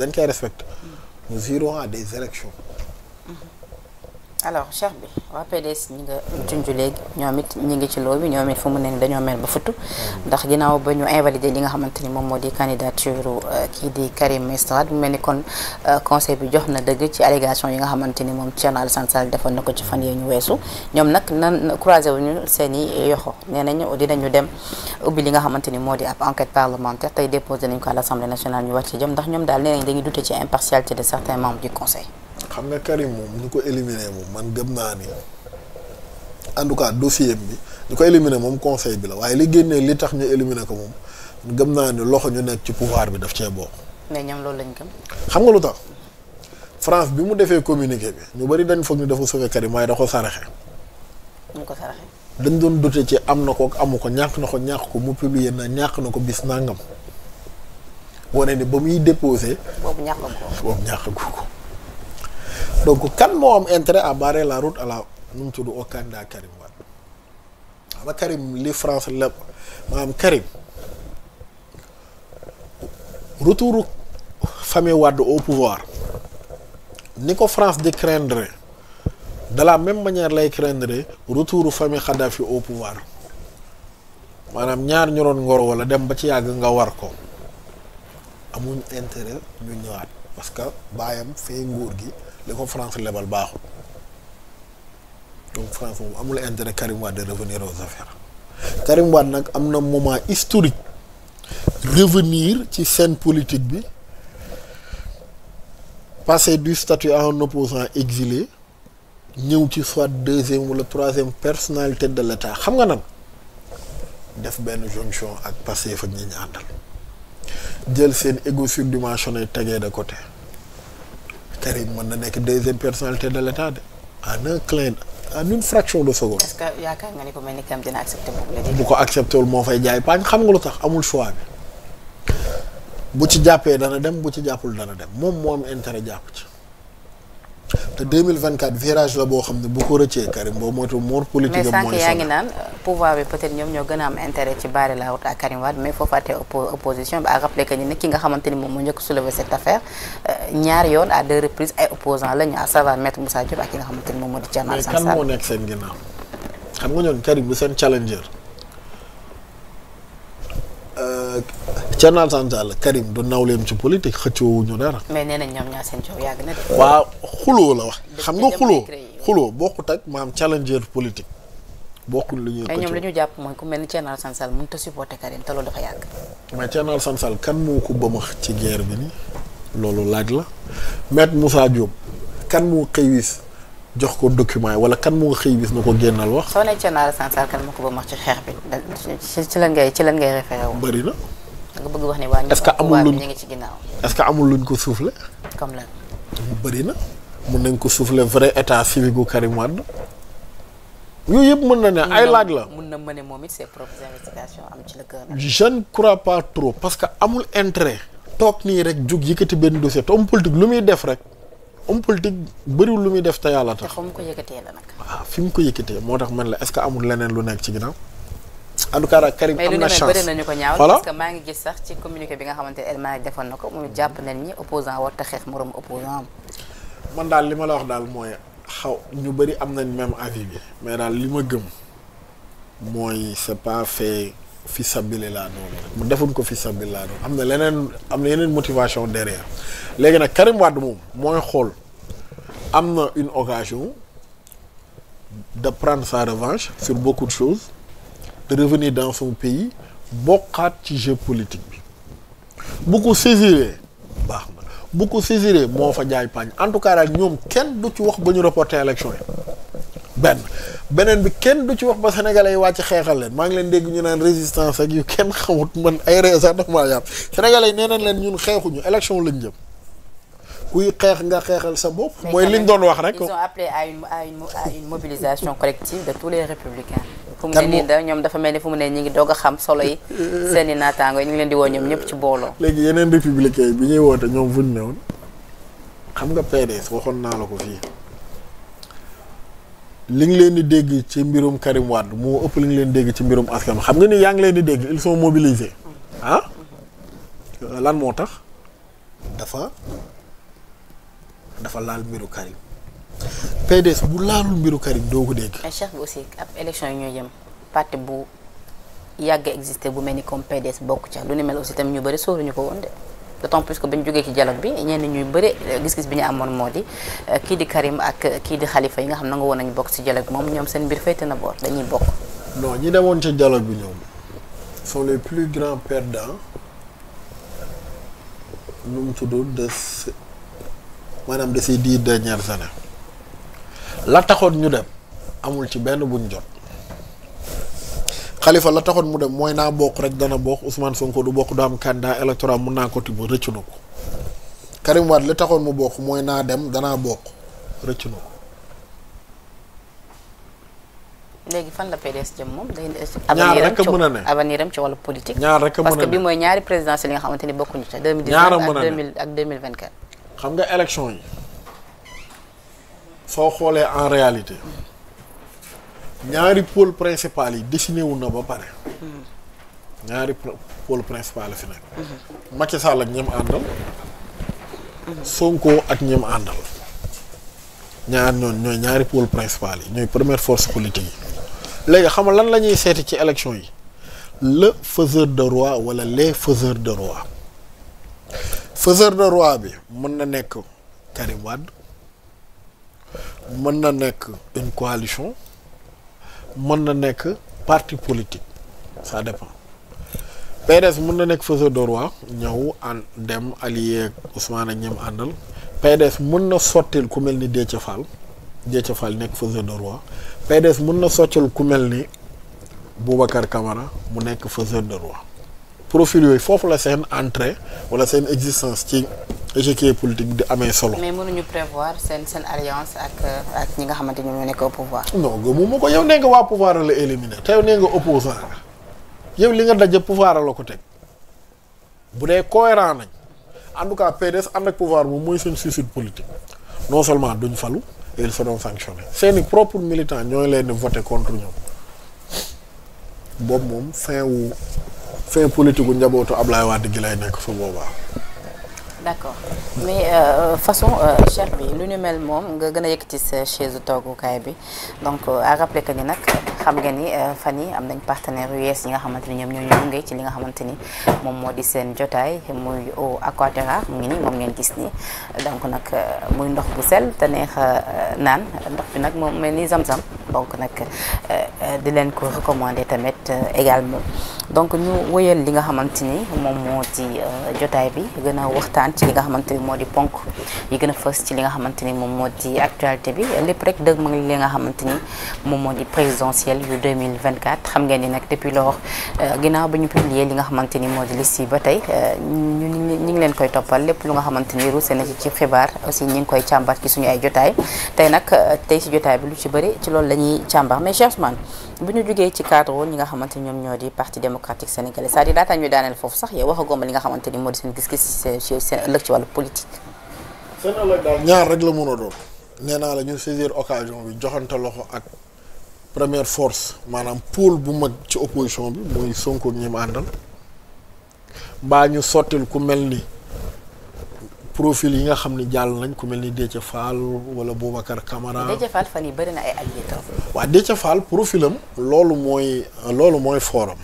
dañ koy respecté nous irons à des élections alors Cheikh bi waa PDS ñi nga junj léegi ñoom it ñi ngi ci loolu ñoom it fu mu ne dañoo mel ba futu ndax ginnaaw ba ñu invalidé li nga xamante ni moom moo di candidature euh, kii di Karim Meïssa Wade mu mel ni kon euh, conseil bi jox na dëgg ci allégation yi nga xamante ni moom Thierno Alassane Sall defoon na ko ci fan yee ñu weesu ñoom nag nan croisé wuñu seen i yoxo nee nañu dinañu dem ubbi li nga xamante moo di ab enquête parlementaire tey déposé nañ ko à l'Assemblée nationale ñu xam nga Karim moom ñu ko éliminer moom man gëm naa ni en tout cas dossier bi ñu ko éliminer moom conseil bi la waaye li génnee li tax ñu éliminé ko moom gëm naa ni loxo ñu nekk ci pouvoir bi daf cee bokk. mais ñoom loolu lañ gëm. xam nga lu tax France bi mu defee communiqué bi ñu bari dañ foog ñu dafa sauver Karim waaye da ko saraxe. mu ko dañ doon dote ci am na ko amu ko ñàkk na ko ñàkk ko mu publier na ñàkk na ko bis nangam wane ni ba muy déposé. boobu ñàkk ko boobu ñàkk ko. donc kan moo am intérêt à barrer la route à la nu mu tudd au candidat Karim Wade xam ah, Karim li France la maanaam Karim retour famille Wade au pouvoir ni ko France di craindre de la même manière lay craindre retour famille Kadhafi au pouvoir maanaam ñaar ñu doon ngor wala dem ba ci yàgg nga war ko. amuñ intérêt ñu ñëwaat parce que baayam fi nguur gi li ko France lebal baaxul donc France moom amul intérêt Karim Wade de revenir aux affaires Karim Wade nag am na moment historique revenir ci seen politique bi passer du statut à un exile ñëw ci soit deuxième wala troisième personnalité de l'État xam nga nan def benn jonction ak passé fa ñi ñu àndal jël seen égo surdimensionné tegee de côté Karim mën na nekk deuxième personnalité de l' état de en un clin en une fraction de seconde. yaakaar nga ni ko mel ni Kame bu ko accepté wul moo fay jaay paañ xam nga lu tax amul choix bi bu ci jàppee dana dem bu ci jàppul dana dem moom moo am intérêt jàpp ci. te 2024 virage la boo xam ne bu ko rëccee Karim boo moytu moor politique mais sànq yaa ngi naan euh, pouvoir bi peut ñoom ñoo gën a am intérêt ci Barry Lahut ak Karim Wade mais foofu àtte opposition bi à rappeler que ni ki nga xamante moom moo njëkk soulever cette affaire euh, ñaari yoon à deux reprises ay opposants la à savoir maître Moussa ak ki nga xamante moom moo di Thierno Alassane Sall moo nekk seen ginnaaw xam nga ñoom Karim bu seen challenger. Thierno Alassane Sall Karim du nawleem ci politique xëccoo wuñu dara. mais nee nañ ñoom ñaar seen coow yàgg na de. waaw xuloo la wax. xam nga xuloo xuloo bokkut ak maam challenger politique bokkul lu ñuy. xëccoo ñoom jàpp mooy ku mel ni Thierno Alassane Sall mënut a supporter Karim te loolu dafa yàgg. mais Thierno Alassane kan moo ko bëmax ci guerre bi nii loolu laaj la maître Moussa Diop kan moo xëy wis jox ko document yi wala kan moo xëy bis na ko génnal wax. soo ne Thierno Alassane ko bëmax ci xeex bi ci lan ci lan ngay référé wu. bëgg wax ne waa ñu. que amul luñ ngi ci ginnaaw. est-ce que amul ko soufflé. comme lan. mu bëri na. mun nañ ko suufle vrai état civil bu Karim Wade. yooyu yëpp mën na ne ay laaj la mun na mën moom it ses propres ci la kër. je ne crois trop parce que amul intérêt. toog nii rek jug yëkkati benn dossier te homme politique lu muy def rek homme politique bëriwul lu muy def te yàlla tax. te fa mu ko yëkkatee la nag. waaw fi mu ko yëkkatee moo tax man la est-ce que amul leneen lu nekk ci ginnaaw. en tout cas daal Karim am na chance maa ngi gis sax ci communiqué bi nga xamante ne El defan defoon na ko moom jàpp nañ ni opposant war ta xeex moroom opposant man daal li ma la wax daal mooy xaw ñu bëri am na même avis bi mais daal li ma gëm mooy c'est pas fait fi sabili laa doon defuñ ko fi sabili laa doon am na leneen am na yeneen motivation derrière léegi nag Karim Wade moom mooy xool am na une occasion de prendre sa revanche sur beaucoup de de revenir dans son pays bokkaat ci jeu politique bi bu ko saisiree baax na bu ko saisiree moo fa jaay pañ en tout cas daal ñoom kenn du ci wax ba ñu reporter élection yi benn beneen bi kenn du ci wax ba sénégalais yi wàcc xeexal leen maa ngi leen dégg ñu naan résistance ak yu kenn xamut man ay ree sax dafa maa yàpp sénégalais yi nee nañ leen ñun xeexuñu élection lañ jëm kuy xeex nga xeexal sa bopp. mooy liñ doon wax rek. ils ont appelé à une à une mobilisation collective de tous les républicains. fu mu ne nii da ñoom dafa mel ni fu mu ne ñi ngi doog xam solo yi seen i naataango yi ñu leen di woo ñoom ñëpp ci booloo léegi yeneen républicain yi bi ñuy woote ñoom fuñ newoon xam nga PDS waxoon naa la ko fii li ngi leen di dégg ci mbirum Karim Wade moo ëpp li ngi leen dégg ci mbirum askan xam nga ni yaa ngi leen di dégg ils sont mobilisés ah lan moo tax dafa dafa laal mbiru Karim PDS bu laalul mbiru Karim doo ko dégg. mais Cheikh bi aussi ab élection yi ñoo jëm parti bu yàgg existé bu mel ni comme PDS bokk ca lu ni mel aussi tamit ñu bëri sóoruñu ko woon de d'autant plus que bañ jógee ci dialogue bi ñenn ñuy bëri euh, gis-gis bi ñu amoon moo di euh, kii di Karim ak euh, kii di xalifa yi nga xam na nga woon nañu bokk ci dialogue bi moom ñoom seen mbir féete na boor dañuy bokk. non ñu demoon ca dialogue bi ñoom sont les plus grands perdants nu mu tudd de maanaam de ces dix dernières années. la taxoon ñu dem amul ci benn buñ jot Khalifa la taxoon mu dem mooy naa bokk rek dana bokk Ousmane Sonko du bokk du am candidat électoral mun naa ko tibb rëccu na ko Karim Wade la taxoon mu bokk mooy naa dem danaa bokk rëccu na ko. léegi ñaar rek a mën a ne avenir am ci wàllu ñaar rek a mën yi nga xamante ni bokkuñu a ak xam nga élection yi. soo xoolee en réalité ñaari pole principal yi dessiné na ba pare. ñaari pôle principal fi nekk. Macky Sall ak ñem àndal. Sonko ak ñem àndal. ñaar ñoon ñooy ñaari pôle principal yi ñooy première force politique yi léegi xam nga lan la ñuy seeti ci élection yi le faiseur de roi wala les faiseurs de roi faiseur de roi bi mën na nekk Karim Wade. mën na nekk une coalition mën na nekk parti politique ça dépend PDS mën na nekk faiseur de roi ñëw an dem allié ak a ak ñoom àndal PDS mën na sottil ku mel ni Déthié Fall Déthié Fall nekk faiseur de roi PDS mën na sottil ku mel ni Boubacar Camara mu nekk faiseur de roi profil yooyu foofu la seen entrée wala seen existence ci échiquier bi di amee solo. mais mënuñu prévoir seen seen alliance ak ak ñi nga xamante ne ñoo nekk au pouvoir. non ko yow nee nga waa pouvoir la éliminé te yow nee nga yow li nga pouvoir la ko teg dee cohérent nañ en tout cas PDS ànd ak pouvoir moom mooy seen suicide politique non seulement duñ falu et ils seront sanctionnés seeni propres militants ñooy leen di voté contre ñoom boobu moom fin wu. fin politique gu njabootu Ablaye Wade gi lay nekk su boobaa. d'accord mais euh, euh façon euh, Cheikh bi lu nu mel moom nga gën a yëkkati sa chaise toogukaay bi donc euh, à rappeler que ni nag. xam nga ni euh, fan yi am nañ partenaire yu yees yi nga xamante ni ñoom moom moo di seen jotaay muy eau aquaterra mu ngi ni moom ngeen gis nii donc nag euh, muy ndox bu sel te neex euh, naan ndox nag moom mel ni zam-zam donc nag di leen ko recommander tamit également donc ñu li nga xamante ni moom moo ci jotaay bi gën a waxtaan ci li nga xamante ni moo di ponk yi li nga xamante ni moom moo di actualité bi lépp rek dëgg ma li nga xamante moom moo di présidentielle présidentielle yu 2024 xam ngeen ni nag depuis lors euh, ginnaaw bi ñu publier li nga xamante ni moo ba tey euh, ñu ñu leen koy toppal lépp lu nga xamante ni ruuse ci ci xibaar aussi ñu ngi koy càmbar ci suñu ay jotaay tey nag euh, tey si jotaay bi lu ci bëri ci loolu la ñuy càmbar mais Cheikh Ousmane bu ñu jugee ci cadre ñi nga xamante ni ñoom ñoo di parti démocratique sénégalais c'est-à-dire daataa daaneel foofu sax yow waxagoo ma li nga xamante ni seen gis ci seen ëllëg a doon nee naa la première force maanaam pôle bu mag ci opposition bi mooy Sonko ñi mu àndal mbaa ñu sottil ku mel ni profil yi nga xam ni jàll nañ ku mel ni Déthié Fall wala Boubacar Camara. Déthié Fall fan yii bëri na ay alliés tam. waaw profilam loolu mooy loolu mooy forum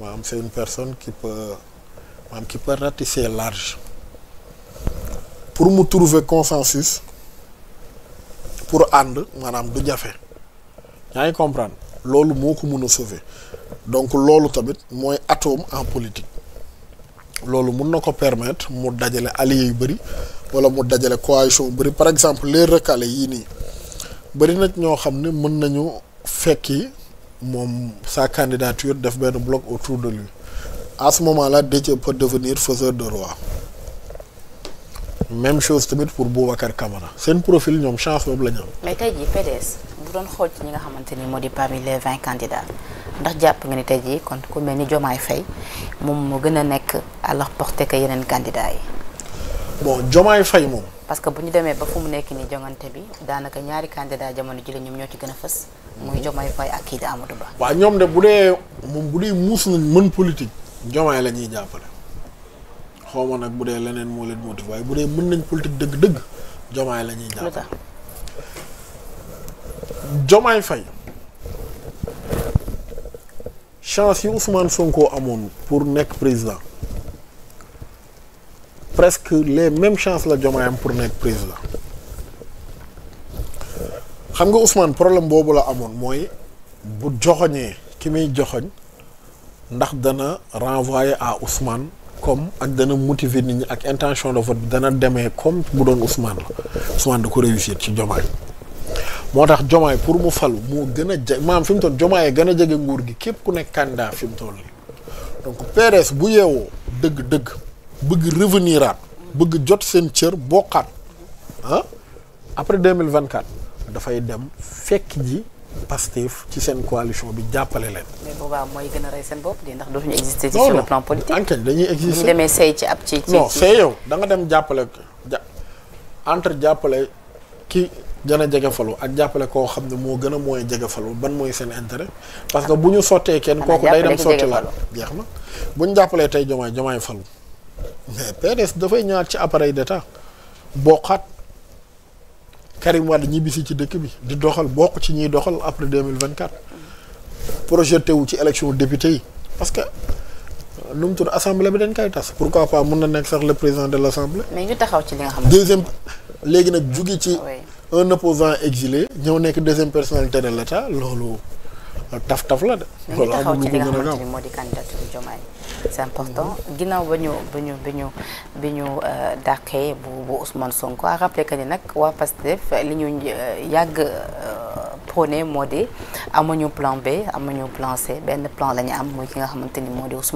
maanaam c'est une personne qui peut maanaam qui peut large pour mu trouver consensus pour ànd maanaam du jafe. yaa ngi comprendre loolu moo ko mun a sauver donc loolu tamit mooy atome en politique loolu mun na ko permettre mu dajale alliés yu bëri wala mu dajale coalition yu bëri par exemple les recalés yii nii bëri nag ñoo xam ne mën nañu fekki moom sa candidature def benn bloc autour de lui à ce moment là Déthié peut devenir faiseur de roi même chose tamit pour Boubacar Camara seen profil ñoom chance boobu la ñu am. doon xool ci ñi nga xamante ni moo di parmi les vingt candidats ndax jàpp nga ni tey jii kon ku mel ni Diomaye Faye moom moo gën a nekk à leur portée que yeneen yi. bon Diomaye Faye moom. parce que bu ñu demee ba fu mu nekk nii jongante bi daanaka ñaari candidat jamono jële ñoom ñoo ci gën a fës. muy Diomaye Faye ak kii di Ba. waaw ñoom de bu dee moom bu dee muus nañ mën politique. Diomaye la ñuy jàppale. xaw nag bu dee leneen moo leen motive waaye bu dee mën nañ politique dëgg-dëgg Diomaye la ñuy jàppale. Jomaay fay chance yi Ousmane Sonko amoon pour nekk président presque les mêmes chances la Jomaay am pour nekk président xam nga Ousmane problème boobu la amoon mooy bu joxoñee ki muy joxoñ ndax dana renvoyer à Ousmane comme ak dana motiver nit ñi ak intention de vote bi dana demee comme bu doon Ousmane la Ousmane da ko réussir ci Jomaay moo tax Jomaay pour mu falu moo gën a ja maanaam fi mu toll Jomaay gën a jege nguur gi képp ku nekk candidat fi mu toll donc PDS bu yeewoo dëgg-dëgg bëgg reveniraat bëgg jot seen cër bokkaat ah après deux mille vingt quatre dafay dem fekk ji Pastef ci seen coalition bi jàppale leen. mais boobaa mooy gën a rey seen bopp de ndax dootuñu exister. ci sur le plan politique non dañuy exister ñu demee sey ci ab ci. ci non sey yow da nga dem jàppale ja entre jàppale ki. dana jege falu ak jàppale koo xam ne moo gën a mooy jege falo ban mooy seen intérêt parce que bu ñu sottee kenn kooku day dem sotti laa jeex na bu ñu jàppalee tey jomaay jomaay falu mais PDS dafay ñaar ci appareil d'état bokkaat Karim Wade ñibbisi ci dëkk bi di doxal bokk ci ñiy doxal après 2024 projeté wu ci élection député yi parce que nu mu tudd assemblée bi dañ koy tas pourquoi pas mun na nekk sax le président de l' assemblée. mais ñu taxaw ci nga xam deuxième léegi nag jugi ci. un opposant exilé ñëw nekk deuxième personnalité de l'État loolu taf taf la de. loolu amul lu ko gën a gaaw moo di candidature Diomaye c'est important ginnaaw ba ñu ba ñu bi ñu bi ñu euh, dàqee bu bu Ousmane Sonko a rappelé que ni nag waa Pastef li ñu euh, yàgg euh, prôné moo di amuñu plan B amuñu plan C benn plan la ñu am mooy ki nga xamante ni moo di Ousmane.